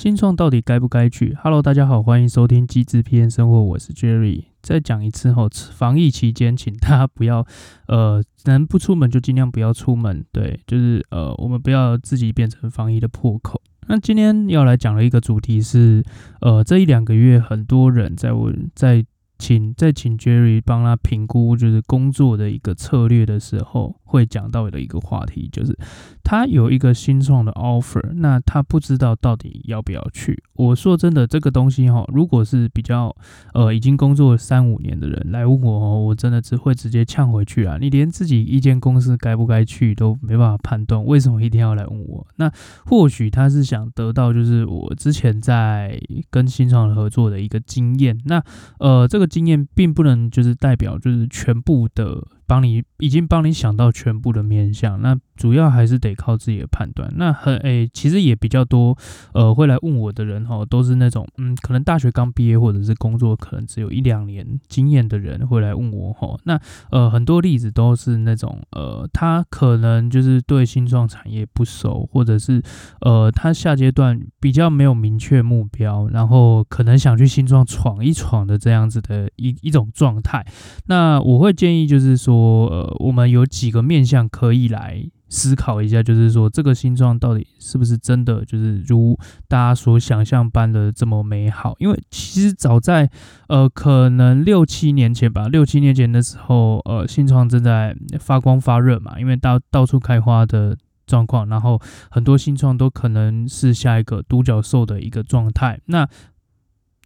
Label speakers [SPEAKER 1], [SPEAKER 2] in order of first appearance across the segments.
[SPEAKER 1] 新創到底該不該去？Hello，大家好，歡迎收聽《機智 PM 生活》，我是 Jerry。再講一次後，防疫期間，請大家不要，呃，能不出門就盡量不要出門。對，就是呃，我們不要自己變成防疫的破口。那今天要來講的一個主題是，呃，這一兩個月，很多人在問在請在請 Jerry 幫他評估，就是工作的一個策略的時候，會講到的一個話題，就是他有一個新創的 offer，那他不知道到底要不要去。我說真的，這個東西哈，如果是比較呃已經工作三五年的人來問我，我真的只會直接嗆回去啊！你連自己一間公司該不該去都沒辦法判斷，為什麼一定要來問我？那或許他是想得到就是我之前在跟新創的合作的一個經驗，那呃這個經驗並不能就是代表就是全部的。幫你已經幫你想到全部的面向，那主要還是得靠自己的判斷。那很欸，其實也比較多，呃，會來問我的人吼，都是那種嗯，可能大學剛畢業或者是工作可能只有一兩年經驗的人會來問我吼。那呃，很多例子都是那種呃，他可能就是對新創產業不熟，或者是呃，他下階段比較沒有明確目標，然後可能想去新創闖一闖的這樣子的一一種狀態。那我會建議就是說。我、呃、我們有幾個面向可以來思考一下，就是說，這個新創到底是不是真的，就是如大家所想象般的這麼美好？因為其實早在呃可能六七年前吧，六七年前的時候，呃新創正在發光發熱嘛，因為到到處開花的狀況，然後很多新創都可能是下一個獨角獸的一個狀態，那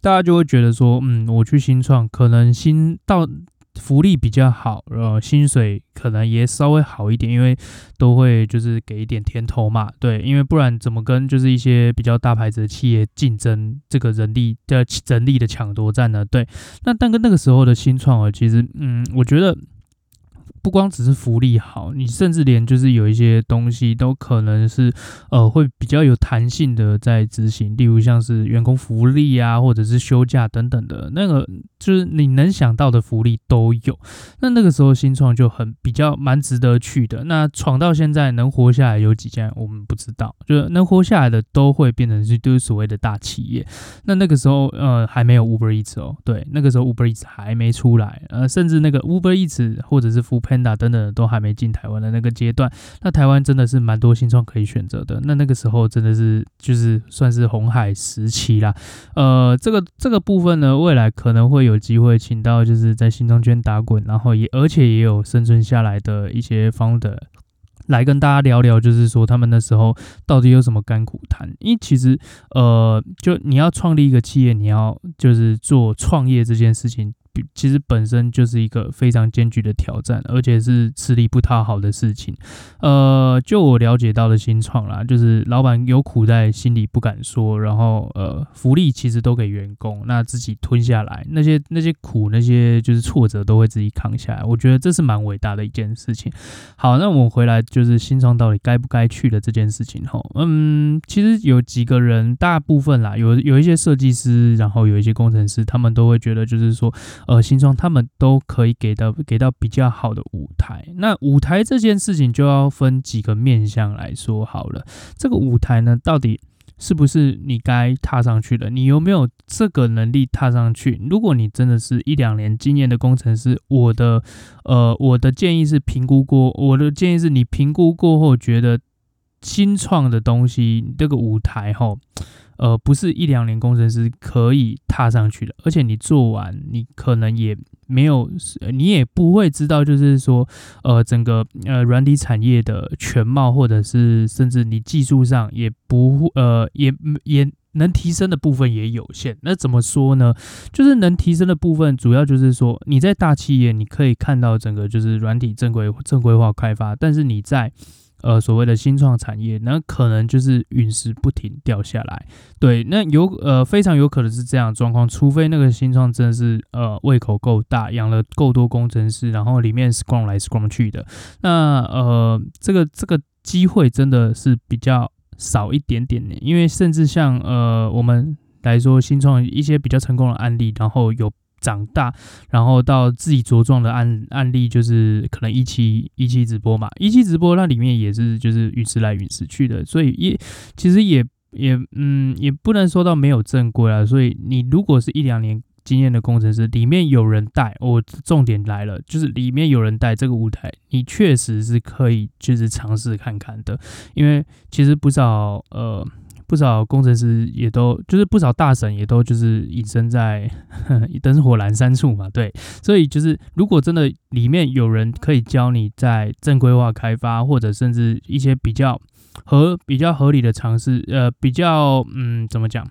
[SPEAKER 1] 大家就會覺得說，嗯，我去新創，可能新到。福利比較好，呃，薪水可能也稍微好一點，因為都會就是給一點甜頭嘛，對，因為不然怎麼跟就是一些比較大牌子的企業競爭這個人力的人力的搶奪戰呢？對，那但跟那個時候的新創啊，其實，嗯，我覺得。不光只是福利好，你甚至連就是有一些東西都可能是，呃，會比較有彈性的在執行，例如像是員工福利啊，或者是休假等等的那個，就是你能想到的福利都有。那那個時候新創就很比較蠻值得去的。那闖到現在能活下來有幾間我們不知道，就能活下來的都會變成是都所謂的大企業。那那個時候呃還沒有 Uber Eats 哦，對，那個時候 Uber Eats 還沒出來，呃，甚至那個 Uber Eats 或者是 Foodpanda。等等都還沒進台灣的那個階段，那台灣真的是蠻多新創可以選擇的。那那個時候真的是就是算是紅海時期啦。呃，這個這個部分呢，未來可能會有機會請到就是在新創圈打滾，然後也而且也有生存下來的一些 founder，來跟大家聊聊，就是說他們那時候到底有什麼甘苦談。因為其實呃，就你要創立一個企業，你要就是做創業這件事情。其實本身就是一個非常艱巨的挑戰，而且是吃力不討好的事情。呃，就我了解到的新創啦，就是老闆有苦在心裡不敢說，然後呃，福利其實都給員工，那自己吞下來，那些那些苦，那些就是挫折都會自己扛下來。我覺得這是蠻偉大的一件事情。好，那我們回來就是新創到底該不該去的這件事情吼，嗯，其實有幾個人，大部分啦，有有一些設計師，然後有一些工程師，他們都會覺得就是說。呃，新創他們都可以給到給到比較好的舞台。那舞台這件事情就要分幾個面向來說好了。這個舞台呢，到底是不是你該踏上去了？你有沒有這個能力踏上去？如果你真的是一兩年經驗的工程師，我的呃我的建議是評估過。我的建議是你評估過後覺得新創的東西這個舞台吼。呃，不是一兩年工程師可以踏上去的，而且你做完，你可能也沒有，你也不會知道，就是說，呃，整個呃軟體產業的全貌，或者是甚至你技術上也不，呃，也也能提升的部分也有限。那怎麼說呢？就是能提升的部分，主要就是說你在大企業，你可以看到整個就是軟體正規，正規化開發，但是你在呃，所謂的新創產業，那可能就是隕石不停掉下來，對，那有呃非常有可能是這樣狀況，除非那個新創真的是呃胃口夠大，養了夠多工程師，然後裡面 scrum 來 scrum 去的，那呃這個這個機會真的是比較少一點點呢，因為甚至像呃我們來說新創一些比較成功的案例，然後有。長大，然後到自己茁壯的案案例，就是可能一期一期直播嘛，一期直播那裡面也是就是隕石來隕石去的，所以一其實也也嗯也不能說到沒有正規啊，所以你如果是一兩年經驗的工程師，裡面有人帶，我、哦、重點來了，就是裡面有人帶這個舞台，你確實是可以就是嘗試看看的，因為其實不少呃。不少工程師也都，就是不少大神也都，就是隱身在燈火闌珊處嘛。對，所以就是，如果真的裡面有人可以教你在正規化開發，或者甚至一些比較合、比較合理的嘗試，呃，比較，嗯，怎麼講，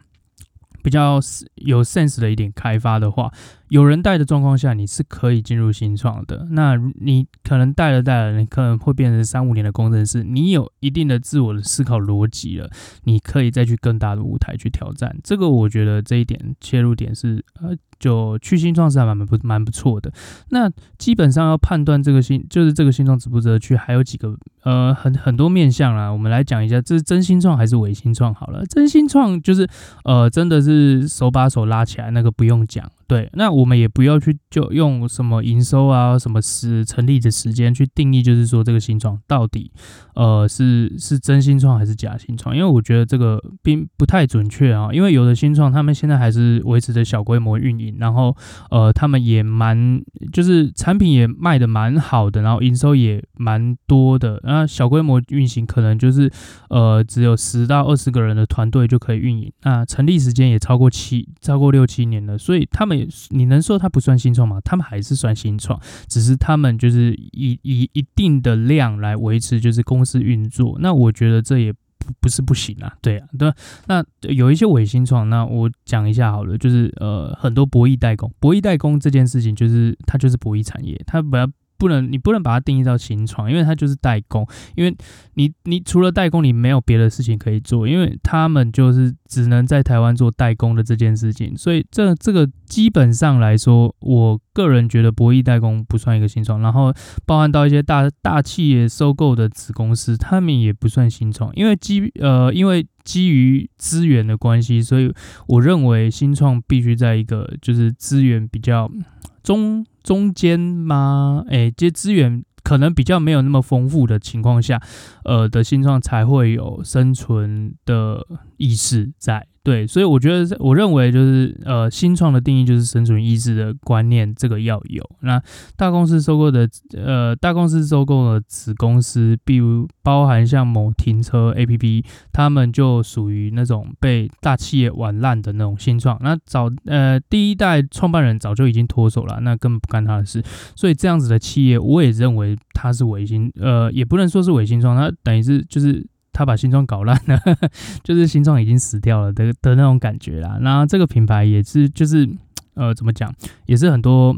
[SPEAKER 1] 比較有 sense 的一點開發的話。有人帶的狀況下，你是可以進入新創的。那你可能帶了帶了，你可能會變成三五年的工程師，你有一定的自我的思考邏輯了，你可以再去更大的舞台去挑戰。這個我覺得這一點切入點是呃，就去新創是還蠻不蠻不錯的。那基本上要判斷這個新就是這個新創值不值得去，還有幾個呃很很多面向啦，我們來講一下，這、就是真新創還是偽新創？好了，真新創就是呃真的是手把手拉起來，那個不用講。對，那我們也不要去就用什麼營收啊、什麼時成立的時間去定義，就是說這個新創到底呃是是真新創還是假新創？因為我覺得這個並不太準確啊。因為有的新創他們現在還是維持着小規模運營，然後呃他們也蠻就是產品也賣得蠻好的，然後營收也蠻多的。那小規模運行可能就是呃只有十到二十個人的團隊就可以運營，那成立時間也超過七、超過六七年了，所以他們。你能說它不算新創嗎？他們還是算新創，只是他們就是以以一定的量來維持就是公司運作。那我覺得這也不，不是不行啊，對啊，對。那有一些偽新創，那我講一下好了，就是呃很多博弈代工，博弈代工這件事情就是它就是博弈產業，它不要。不能，你不能把它定義到新創，因為它就是代工，因為你你除了代工，你沒有別的事情可以做，因為他們就是只能在台灣做代工的這件事情，所以這這個基本上來說，我個人覺得博弈代工不算一個新創，然後包含到一些大大企業收購的子公司，他們也不算新創，因為基呃，因為基於資源的關係，所以我認為新創必須在一個就是資源比較中。中間嗎？誒、欸，這些資源可能比較沒有那麼豐富的情況下，呃，的新創才會有生存的意識在。對，所以我覺得，我認為就是呃，新創的定義就是生存意識的觀念，這個要有。那大公司收購的，呃，大公司收購的子公司，比如包含像某停車 APP，他們就屬於那種被大企業玩爛的那種新創。那早呃，第一代創辦人早就已經脫手了，那根本不干他的事。所以這樣子的企業，我也認為它是偽新，呃，也不能說是偽新創，它等於是就是。他把新創搞爛了， 就是新創已經死掉了的的那種感覺啦。那這個品牌也是，就是呃，怎麼講，也是很多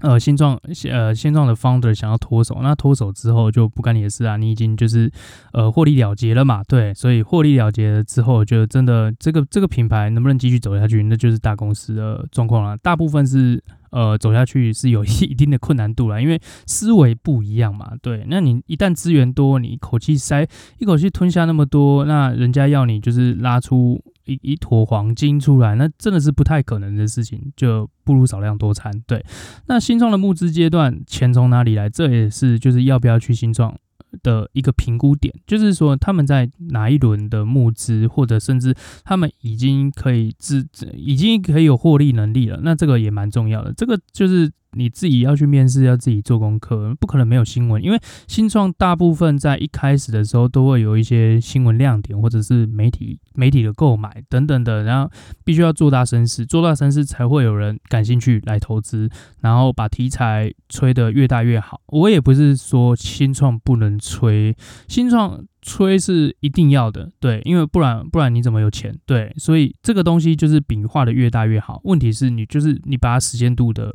[SPEAKER 1] 呃新創呃新創的 founder 想要脫手。那脫手之後就不干你的事啊，你已經就是呃獲利了結了嘛。對，所以獲利了結了之後，就真的這個這個品牌能不能繼續走下去，那就是大公司的狀況了。大部分是。呃，走下去是有一定的困難度啦，因為思維不一樣嘛。對，那你一旦資源多，你一口氣塞，一口氣吞下那麼多，那人家要你就是拉出一一坨黃金出來，那真的是不太可能的事情，就不如少量多餐。對，那新創的募資階段，錢從哪裡來？這也是就是要不要去新創的一個評估點，就是說他們在哪一輪的募資，或者甚至他們已經可以自已經可以有獲利能力了，那這個也蠻重要的。這個就是。你自己要去面試，要自己做功課，不可能沒有新聞。因為新創大部分在一開始的時候都會有一些新聞亮點，或者是媒體媒體的購買等等的，然後必須要做大聲勢，做大聲勢才會有人感興趣來投資，然後把題材吹得越大越好。我也不是說新創不能吹，新創。吹是一定要的，對，因為不然不然你怎麼有錢？對，所以這個東西就是餅畫的越大越好。問題是你就是你把它實現度的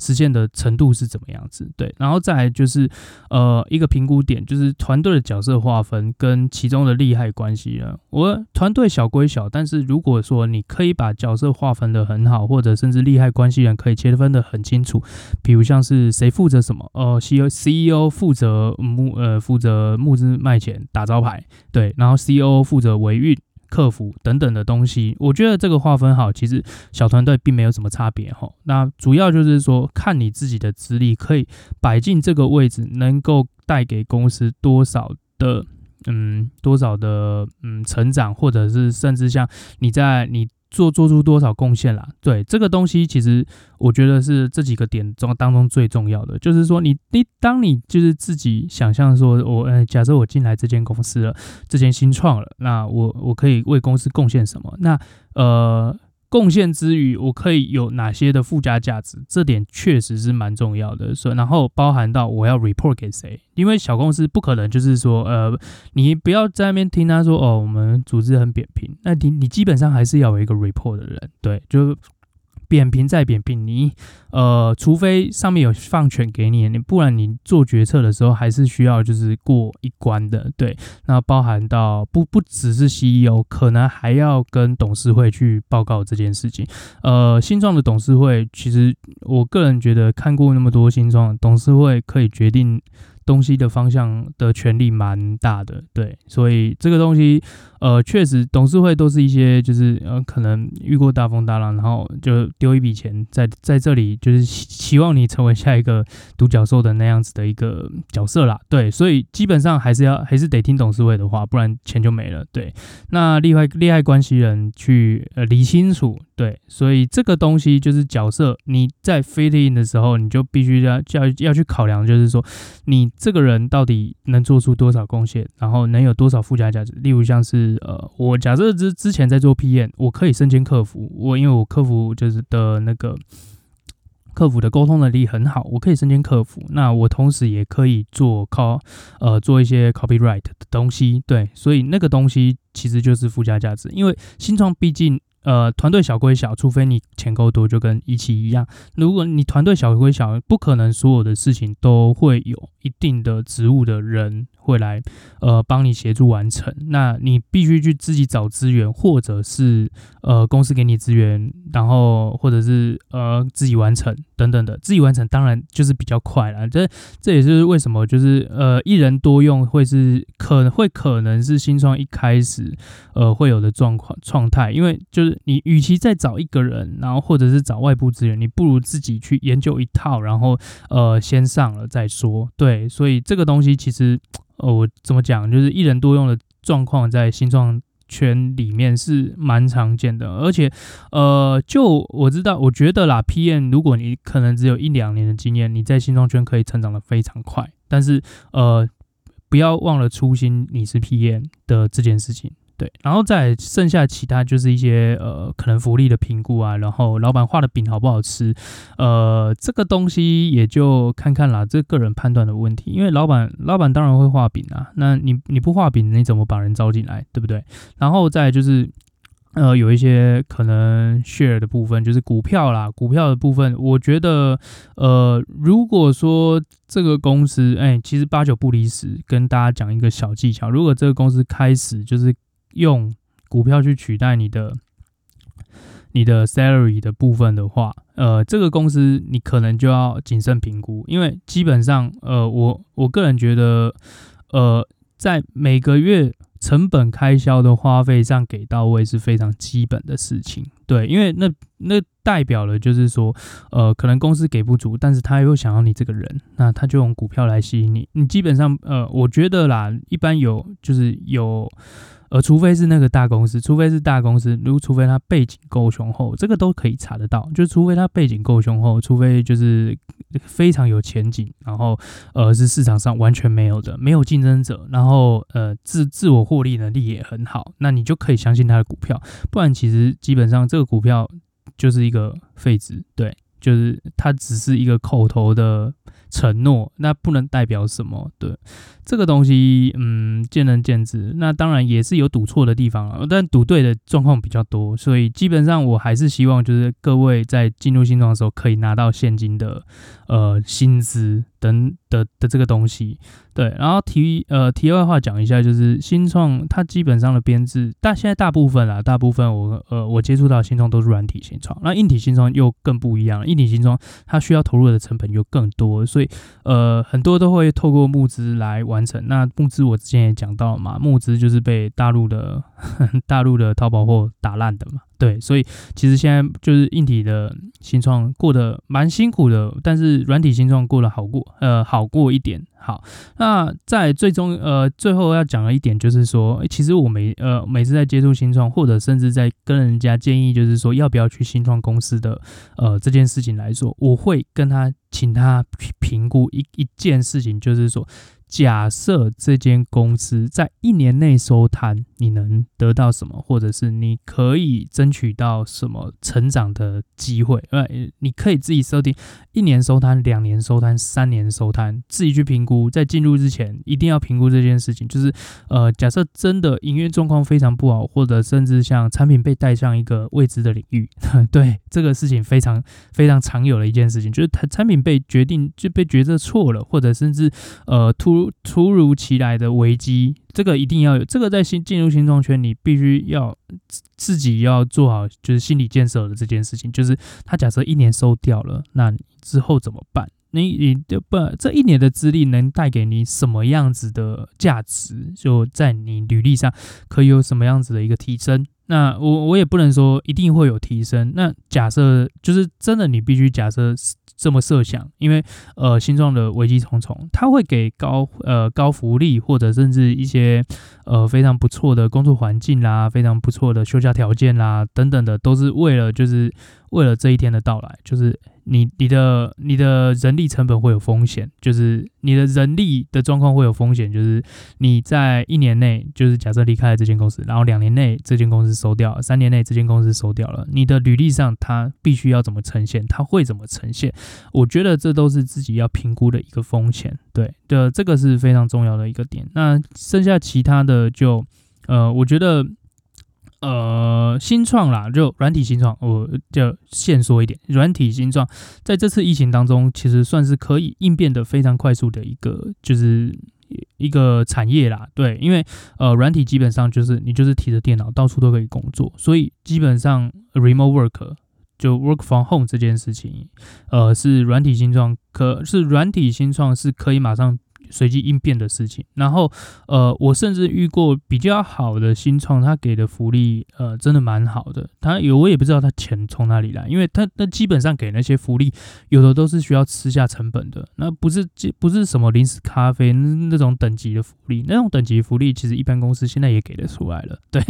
[SPEAKER 1] 實現的程度是怎麼樣子？對，然後再來就是呃一個評估點就是團隊的角色劃分跟其中的利害關係人。我團隊小歸小，但是如果說你可以把角色劃分的很好，或者甚至利害關係人可以切分的很清楚，比如像是誰負責什麼？呃 CEO CEO 負責募，呃，負責募資賣錢打。招牌對，然後 COO 負責維運、客服等等的東西，我覺得這個劃分好，其實小團隊並沒有什麼差別哈。那主要就是說，看你自己的資歷，可以擺進這個位置，能夠帶給公司多少的。嗯，多少的嗯成長，或者是甚至像你在你做做出多少貢獻啦對，對這個東西，其實我覺得是這幾個點中當中最重要的，就是說你你當你就是自己想象說我，我、欸、嗯，假設我進來這間公司了，這間新創了，那我我可以為公司貢獻什麼？那呃。貢獻之餘，我可以有哪些的附加價值？這點確實是蠻重要的。所以然後包含到我要 report 給誰，因為小公司不可能就是說，呃，你不要在那邊聽他說哦，我們組織很扁平。那你你基本上還是要有一個 report 的人，對，就。扁平再扁平你，你呃，除非上面有放權給你，你不然你做決策的時候還是需要就是過一關的。對，那包含到不不只是 CEO，可能還要跟董事會去報告這件事情。呃，新創的董事會，其實我個人覺得看過那麼多新創董事會，可以決定東西的方向的權力蠻大的，對，所以這個東西，呃，確實董事會都是一些就是呃，可能遇過大風大浪，然後就丟一筆錢在，在在這裡就是希望你成為下一個獨角獸的那樣子的一個角色啦，對，所以基本上還是要還是得聽董事會的話，不然錢就沒了，對，那利害利害關係人去呃理清楚。對，所以這個東西就是角色，你在 fit in 的時候，你就必須要要要去考量，就是說你這個人到底能做出多少貢獻，然後能有多少附加價值。例如像是呃，我假設之之前在做 PM，我可以升遷客服，我因為我客服就是的那個客服的溝通能力很好，我可以升遷客服。那我同時也可以做 copy 呃，做一些 copyright 的東西。對，所以那個東西其實就是附加價值，因為新創畢竟。呃，團隊小歸小，除非你錢夠多，就跟一期一樣。如果你團隊小歸小，不可能所有的事情都會有一定的職務的人會來，呃，幫你協助完成。那你必須去自己找資源，或者是呃公司給你資源，然後或者是呃自己完成等等的。自己完成當然就是比較快了，這這也是為什麼就是呃一人多用會是可能會可能是新創一開始呃會有的狀況狀態，因為就是。你與其再找一個人，然後或者是找外部資源，你不如自己去研究一套，然後呃先上了再說。對，所以這個東西其實呃我怎麼講，就是一人多用的狀況在新創圈裡面是蠻常見的。而且呃就我知道，我覺得啦，PM 如果你可能只有一兩年的經驗，你在新創圈可以成長得非常快。但是呃不要忘了初心，你是 PM 的這件事情。對，然後再剩下其他就是一些呃，可能福利的評估啊，然後老闆畫的餅好不好吃，呃，這個東西也就看看啦，這個個人判斷的問題，因為老闆老闆當然會畫餅啦、啊，那你你不畫餅你怎麼把人招進來，對不對？然後再就是呃，有一些可能 share 的部分，就是股票啦，股票的部分，我覺得呃，如果說這個公司，哎、欸，其實八九不離十，跟大家講一個小技巧，如果這個公司開始就是。用股票去取代你的你的 salary 的部分的話，呃，這個公司你可能就要謹慎評估，因為基本上，呃，我我個人覺得，呃，在每個月成本開銷的花費上給到位是非常基本的事情，對，因為那那代表了就是說，呃，可能公司給不足，但是他又想要你這個人，那他就用股票來吸引你，你基本上，呃，我覺得啦，一般有就是有。呃，而除非是那個大公司，除非是大公司，如除非它背景夠雄厚，這個都可以查得到。就除非它背景夠雄厚，除非就是非常有前景，然後呃是市場上完全沒有的，沒有競爭者，然後呃自自我獲利能力也很好，那你就可以相信他的股票。不然其實基本上這個股票就是一個廢紙，對。就是它只是一個口頭的承諾，那不能代表什麼，對。這個東西，嗯，見仁見智。那當然也是有賭錯的地方，但賭對的狀況比較多，所以基本上我還是希望，就是各位在進入新創的時候可以拿到現金的，呃，薪資等。的的這個東西，對，然後題呃題外話講一下，就是新創它基本上的編制，但現在大部分啊，大部分我呃我接觸到的新創都是軟體新創。那硬體新創又更不一樣了，硬體新創它需要投入的成本又更多，所以呃很多都會透過募資來完成。那募資我之前也講到嘛，募資就是被大陸的呵呵大陸的淘寶貨打爛的嘛。對，所以其實現在就是硬體的新創過得蠻辛苦的，但是軟體新創過得好過，呃，好過一點。好，那在最終，呃，最後要講的一點就是說，其實我每，呃，每次在接觸新創，或者甚至在跟人家建議，就是說要不要去新創公司的，呃，這件事情來說，我會跟他請他去評估一一件事情，就是說，假設這間公司在一年內收攤。你能得到什麼，或者是你可以爭取到什麼成長的機會？呃、right？你可以自己設定一年收攤，兩年收攤，三年收攤，自己去評估。在進入之前，一定要評估這件事情。就是，呃，假設真的營運狀況非常不好，或者甚至像產品被帶向一個未知的領域，呵，對這個事情非常非常常有的一件事情，就是它產品被決定就被決策錯了，或者甚至呃突如突如其來的危機。這個一定要有，這個在新進入新創圈，你必須要自自己要做好就是心理建設的這件事情。就是他假設一年收掉了，那之後怎麼辦？你你不這一年的資歷能帶給你什麼樣子的價值？就在你履歷上可以有什麼樣子的一個提升？那我我也不能說一定會有提升。那假設就是真的，你必須假設。這麼設想，因為呃，新創的危機重重，他會給高呃高福利，或者甚至一些呃非常不錯的工作環境啦，非常不錯的休假條件啦，等等的，都是為了就是。為了這一天的到來，就是你、你的、你的人力成本會有風險，就是你的人力的狀況會有風險，就是你在一年內，就是假設離開了這間公司，然後兩年內這間公司收掉了，三年內這間公司收掉了，你的履歷上它必須要怎麼呈現，它會怎麼呈現？我覺得這都是自己要評估的一個風險。對的，這個是非常重要的一個點。那剩下其他的就，呃，我覺得。呃，新創啦，就軟體新創，我就先說一點，軟體新創在這次疫情當中，其實算是可以應變得非常快速的一個，就是一個產業啦，對，因為呃，軟體基本上就是你就是提着電腦到處都可以工作，所以基本上、A、remote work 就 work from home 這件事情，呃，是軟體新創，可是軟體新創是可以馬上，隨機應變的事情，然後，呃，我甚至遇過比較好的新創，他給的福利，呃，真的蠻好的。他有，我也不知道他錢從哪裡來，因為他那基本上給那些福利，有的都是需要吃下成本的，那不是不是什麼零食、咖啡那種等級的福利，那種等級福利其實一般公司現在也給得出來了。對，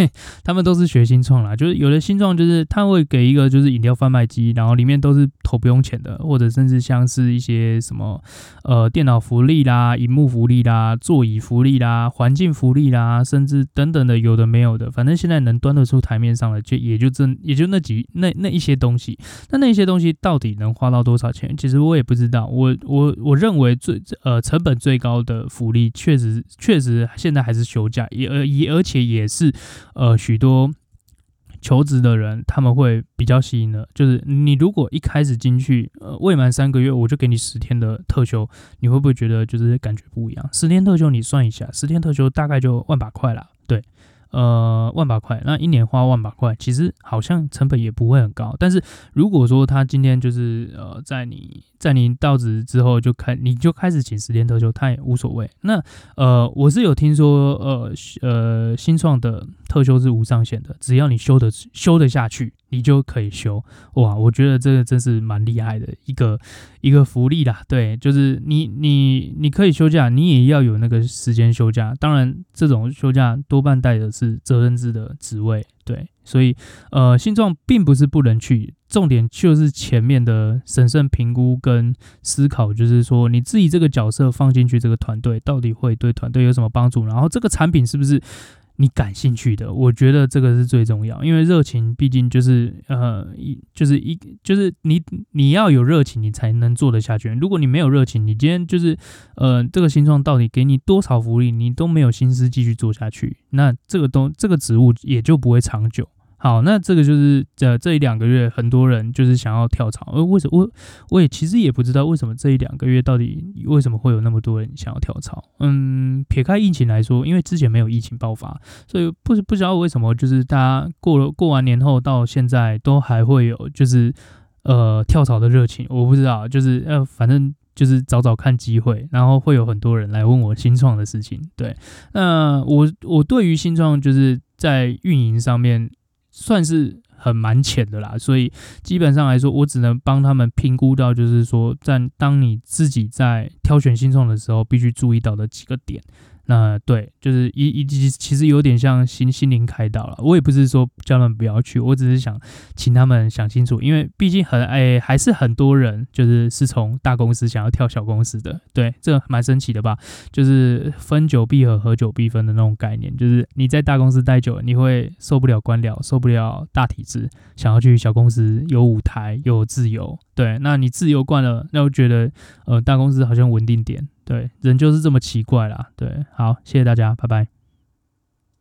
[SPEAKER 1] 他們都是學新創啦，就是有的新創就是他會給一個就是飲料販賣機，然後裡面都是投不用錢的，或者甚至像是一些什麼呃電腦福利啦。屏幕福利啦，座椅福利啦，環境福利啦，甚至等等的，有的沒有的，反正現在能端得出台面上的，就也就這，也就那幾那那一些東西。那那些東西到底能花到多少錢？其實我也不知道。我我我認為最呃成本最高的福利，確實確實現在還是休假，也也而且也是呃許多。求職的人他們會比較吸引的，就是你如果一開始進去，呃，未滿三個月我就給你十天的特休，你會不會覺得就是感覺不一樣？十天特休你算一下，十天特休大概就萬把塊了，對。呃，萬把塊，那一年花萬把塊，其實好像成本也不會很高。但是如果說他今天就是呃，在你，在你到職之後就開，你就開始請十天特休，他也無所謂。那呃，我是有聽說，呃呃，新創的特休是無上限的，只要你休得休得下去。你就可以休哇！我覺得這個真是蠻厲害的一個一個福利啦。對，就是你你你可以休假，你也要有那個時間休假。當然，這種休假多半帶的是責任制的職位。對，所以呃，新創並不是不能去，重點就是前面的審慎評估跟思考，就是說你自己這個角色放進去，這個團隊到底會對團隊有什麼幫助？然後這個產品是不是？你感興趣的，我覺得這個是最重要，因為熱情畢竟就是呃一就是一就是你你要有熱情，你才能做得下去。如果你沒有熱情，你今天就是呃這個新創到底給你多少福利，你都沒有心思繼續做下去，那這個東這個職務也就不會長久。好，那這個就是這、呃、這一兩個月很多人就是想要跳槽，呃為什麼我我也其實也不知道為什麼這一兩個月到底為什麼會有那麼多人想要跳槽。嗯，撇開疫情來說，因為之前沒有疫情爆發，所以不是不知道為什麼就是大家過了過完年後到現在都還會有就是呃跳槽的熱情，我不知道，就是呃反正就是找找看機會，然後會有很多人來問我新創的事情。對，那我我對於新創就是在運營上面。算是很蠻淺的啦，所以基本上來說，我只能幫他們評估到，就是說，在當你自己在挑選新創的時候，必須注意到的幾個點。那對，就是一一其其實有點像心心靈開導了。我也不是說叫他們不要去，我只是想請他們想清楚，因為畢竟很哎、欸，還是很多人就是是從大公司想要跳小公司的。對，這蠻神奇的吧？就是分久必合，合久必分的那種概念。就是你在大公司待久了，你會受不了官僚，受不了大體制，想要去小公司有舞台，有自由。對，那你自由慣了，那我覺得呃，大公司好像穩定點。對，人就是這麼奇怪啦。對，好，謝謝大家，拜拜。